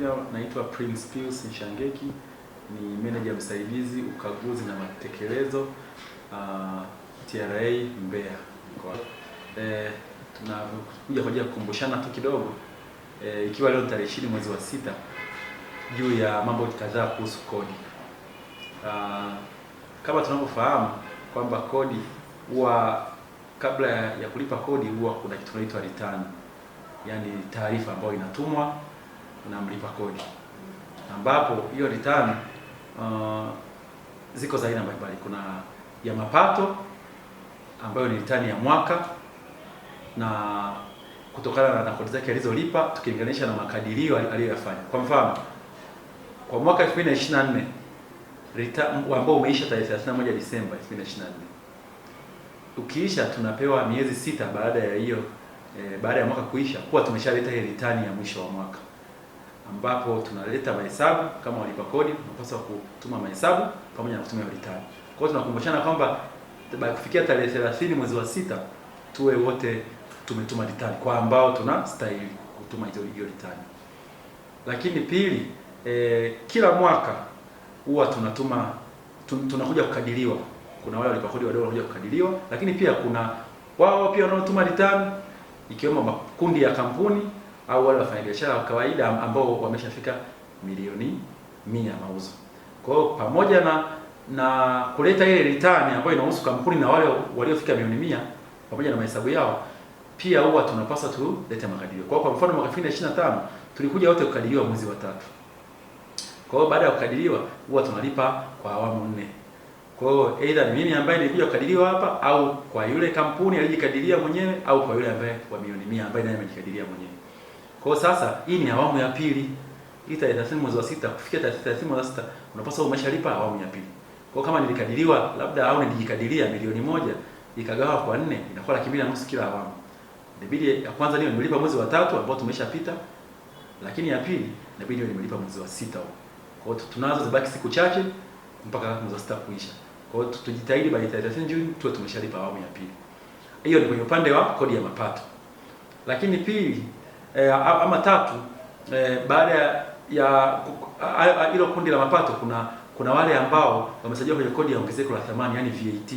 jina naitwa Prince Pius Nshangeki, ni meneja msaidizi ukaguzi na matekelezo uh, ah, TRA Mbeya mkoa. Eh, tunakuja kwa ajili ya kukumbushana tu kidogo eh, ikiwa leo tarehe ishirini mwezi wa sita juu ya mambo kadhaa kuhusu kodi. Uh, kama tunavyofahamu kwamba kodi huwa kabla ya kulipa kodi huwa kuna kitu kinaitwa return, yani taarifa ambayo inatumwa na mlipa kodi, ambapo hiyo return uh, ziko za aina mbalimbali. Kuna ya mapato ambayo ni return ya mwaka na kutokana na kodi zake alizolipa tukilinganisha na makadirio aliyoyafanya. Kwa mfano, kwa mwaka 2024 ambao umeisha tarehe 31 Disemba 2024, ukiisha tunapewa miezi sita baada ya hiyo e, baada ya mwaka kuisha kuwa tumeshaleta hii ritani ya mwisho wa mwaka ambapo tunaleta mahesabu kama walipa kodi unapaswa kutuma mahesabu pamoja na kutumia ritani. Kwa hiyo tunakumbushana kwamba baada kufikia tarehe 30 mwezi wa sita tuwe wote tumetuma ritani kwa ambao tuna stahili kutuma hiyo hiyo ritani. Lakini pili, e, kila mwaka huwa tunatuma tun, tunakuja kukadiriwa. Kuna wale walipa kodi wadogo wanakuja kukadiriwa, lakini pia kuna wao pia wanaotuma ritani ikiwemo makundi ya kampuni au wale wafanyabiashara wa kawaida ambao wameshafika milioni mia mauzo. Kwa hiyo pamoja na na kuleta ile return ambayo inahusu kampuni na wale waliofika milioni mia pamoja na mahesabu yao, pia huwa tunapaswa tulete makadirio. Kwa kwa mfano mwaka 2025 tulikuja wote kukadiriwa mwezi wa tatu. Kwa hiyo baada ya kukadiriwa huwa tunalipa kwa awamu nne. Kwa hiyo either mimi ambaye nilikuja kukadiriwa hapa au kwa yule kampuni alijikadiria mwenyewe au kwa yule ambaye wa milioni 100 ambaye naye amejikadiria mwenyewe. Kwa sasa hii ni awamu ya pili. Hii tarehe 30 mwezi wa sita kufikia tarehe 30 mwezi wa sita unapaswa umeshalipa awamu ya pili. Kwa kama nilikadiriwa labda au nilijikadiria milioni moja ikagawa kwa nne inakuwa laki mbili na nusu kila awamu. Inabidi ya kwanza niwe nimelipa mwezi wa tatu ambao tumeshapita, lakini ya pili inabidi niwe nimelipa mwezi wa sita huo. Kwa hiyo tunazo zibaki siku chache mpaka mwezi wa sita kuisha. Kwa hiyo tujitahidi ya tarehe 30 Juni tuwe tumeshalipa awamu ya pili. Hiyo ni kwenye upande wa kodi ya mapato. Lakini pili eh, ama tatu eh, baada ya hilo kundi la mapato kuna kuna wale ambao wamesajiliwa kwenye kodi ya ongezeko la thamani yani VAT,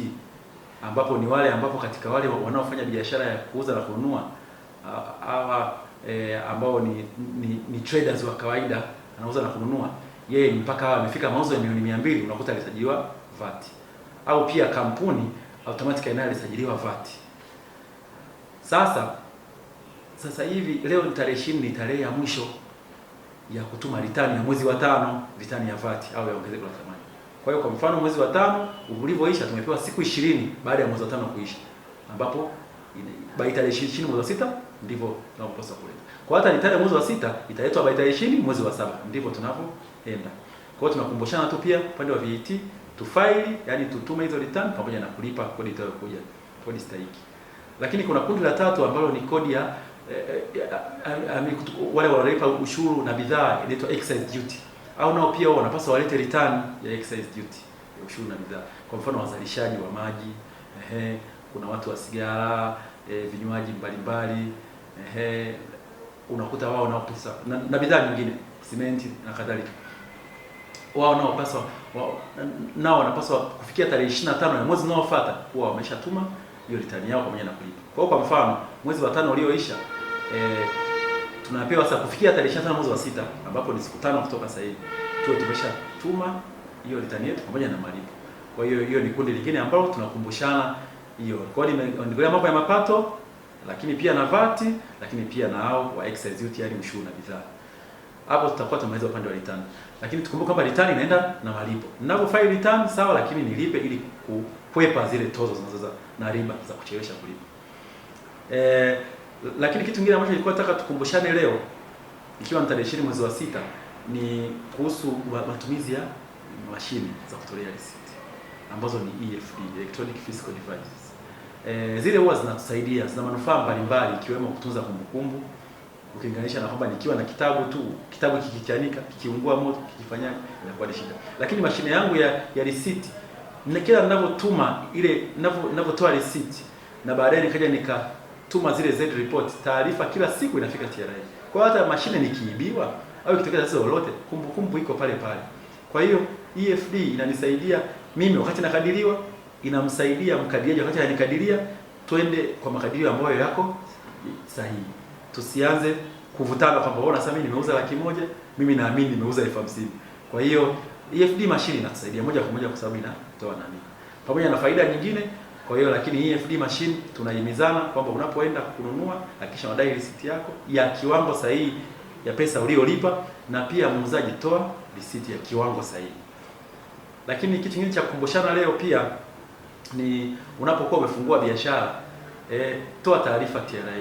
ambapo ni wale ambapo katika wale wanaofanya biashara ya kuuza na kununua hawa e, ambao ni, ni, ni traders wa kawaida anauza na kununua, yeye mpaka hawa amefika mauzo ya milioni 200 unakuta alisajiliwa VAT, au pia kampuni automatically nayo alisajiliwa VAT. Sasa sasa hivi leo ni tarehe 20, ni tarehe ya mwisho ya kutuma ritani ya mwezi wa tano, ritani ya vati au ya ongezeko la thamani. Kwa hiyo kwa mfano mwezi wa tano ulivyoisha, tumepewa siku 20 baada ya mwezi wa tano kuisha, ambapo by tarehe ishirini mwezi wa sita ndivyo tunapaswa kuleta. Kwa hata ritani ya mwezi wa sita italetwa by tarehe 20 mwezi wa saba, ndivyo tunavyoenda. Kwa hiyo tunakumbushana tu pia upande wa VAT tufaili, yani tutume hizo return pamoja na kulipa kodi itakayokuja, kodi stahiki. Lakini kuna kundi la tatu ambalo ni kodi ya Eh, eh, wale wanalipa ushuru na bidhaa inaitwa excise duty, au nao pia wanapaswa walete return ya excise duty ya ushuru na bidhaa. Kwa mfano wazalishaji wa maji ehe, kuna watu wa sigara e, vinywaji mbalimbali ehe, unakuta wao nao pesa na, na bidhaa nyingine simenti na kadhalika, wao nao paswa nao wanapaswa kufikia tarehe 25 ya mwezi unaofuata kuwa wameshatuma hiyo return yao pamoja na kulipa. Kwa hiyo kwa mfano mwezi wa tano ulioisha eh, tunapewa sasa kufikia tarehe 25 mwezi wa sita ambapo ni siku tano kutoka sasa hivi tuwe tumesha tuma hiyo return yetu pamoja na malipo. Kwa hiyo hiyo ni kundi lingine ambalo tunakumbushana hiyo Kwa hiyo inaongelea mambo ya mapato lakini pia na vati lakini pia na hao wa excise duty yani ushuru na bidhaa. Hapo tutakuwa tumaliza upande wa return. Lakini tukumbuke kwamba return inaenda na malipo. Ninapo file return sawa, lakini nilipe ili ku kukwepa zile tozo zinazoza na riba za kuchelewesha kulipa. E, lakini kitu kingine ambacho nilikuwa nataka tukumbushane leo ikiwa ni tarehe 20 mwezi wa sita ni kuhusu matumizi ya mashine za kutolea receipt ambazo ni EFD, electronic fiscal devices. E, zile huwa zinatusaidia, zina manufaa mbalimbali ikiwemo kutunza kumbukumbu ukilinganisha na kwamba nikiwa na kitabu tu, kitabu kikichanika, kikiungua moto, kikifanyaje, inakuwa ni shida. Lakini mashine yangu ya, ya risiti na kila ninavyotuma ile ninavyotoa receipt na baadaye nikaja nikatuma zile Z report, taarifa kila siku inafika TRA. Kwa hata mashine nikiibiwa au ikitokea tatizo lolote, kumbukumbu iko pale pale. Kwa hiyo EFD inanisaidia mimi wakati nakadiriwa, inamsaidia mkadiriaji wakati anikadiria, Twende kwa makadirio ambayo yako sahihi, tusianze kuvutana kwamba wewe unasema mimi nimeuza laki moja, mimi naamini nimeuza elfu hamsini. Kwa hiyo EFD machine inatusaidia moja kwa moja kwa sababu inatoa nani, pamoja na faida nyingine. Kwa hiyo lakini hii e EFD machine tunahimizana kwamba unapoenda kununua hakikisha unadai receipt yako ya kiwango sahihi ya pesa uliolipa, na pia muuzaji, toa receipt ya kiwango sahihi. Lakini kitu kingine cha kukumbushana leo pia ni unapokuwa umefungua biashara e, toa taarifa TRA.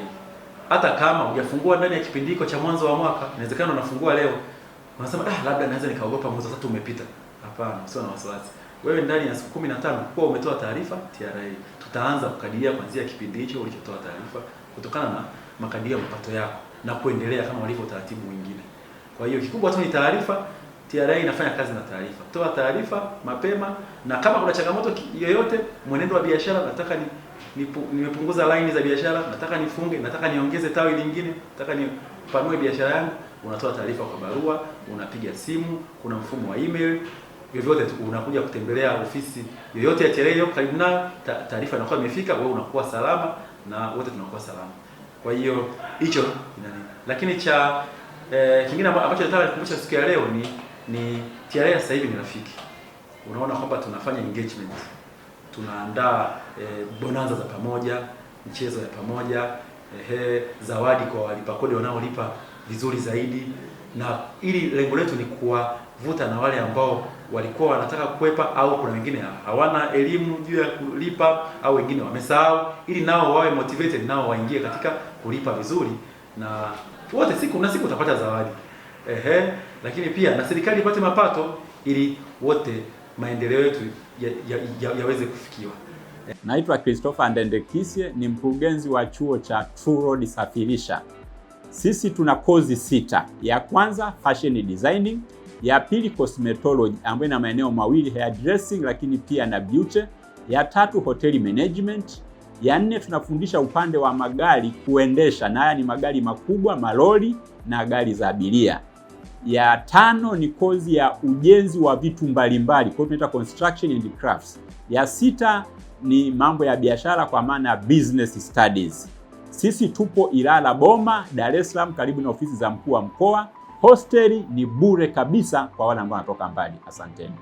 Hata kama hujafungua ndani ya kipindiko cha mwanzo wa mwaka, inawezekana unafungua leo unasema ah, labda naweza nikaogopa mwezi tatu umepita. Hapana, usio na wasiwasi. Wewe ndani ya siku 15 kwa umetoa taarifa TRA, tutaanza kukadiria kuanzia kipindi hicho ulichotoa taarifa kutokana na makadirio ya mapato yako na kuendelea kama ulivyo taratibu wengine. Kwa hiyo kikubwa tu ni taarifa. TRA inafanya kazi na taarifa. Toa taarifa mapema, na kama kuna changamoto yoyote, mwenendo wa biashara, nataka ni nimepunguza laini za biashara, nataka nifunge, nataka niongeze tawi lingine, nataka nipanue biashara yangu unatoa taarifa kwa barua, unapiga simu, kuna mfumo wa email, vyovyote unakuja kutembelea ofisi yoyote ya TRA karibu nayo, taarifa inakuwa imefika, wewe unakuwa salama na wote tunakuwa salama. Kwa hiyo hicho nani, lakini cha eh, kingine ambacho nataka kukumbusha siku ya leo ni ni TRA sasa hivi ni rafiki. Unaona kwamba tunafanya engagement, tunaandaa eh, bonanza za pamoja, michezo ya pamoja, ehe, zawadi kwa walipa kodi wanaolipa vizuri zaidi, na ili lengo letu ni kuwavuta na wale ambao walikuwa wanataka kukwepa au kuna wengine hawana elimu juu ya kulipa au wengine wamesahau, ili nao wawe motivated, nao waingie katika kulipa vizuri, na wote siku na siku utapata zawadi. Ehe, lakini pia na serikali ipate mapato ili wote maendeleo yetu yaweze ya, ya, ya kufikiwa. Naitwa Christopher Ndendekisye ni mkurugenzi wa chuo cha True Road Safirisha. Sisi tuna kozi sita. Ya kwanza fashion designing, ya pili cosmetology ambayo ina maeneo mawili hair dressing, lakini pia na beauty. Ya tatu hoteli management. Ya nne tunafundisha upande wa magari kuendesha, na haya ni magari makubwa, malori na gari za abiria. Ya tano ni kozi ya ujenzi wa vitu mbalimbali, kwa hiyo tunaita construction and crafts. Ya sita ni mambo ya biashara kwa maana business studies. Sisi tupo Ilala Boma, Dar es Salaam, karibu na ofisi za mkuu wa mkoa. Hosteli ni bure kabisa kwa wale ambao wanatoka mbali. Asanteni.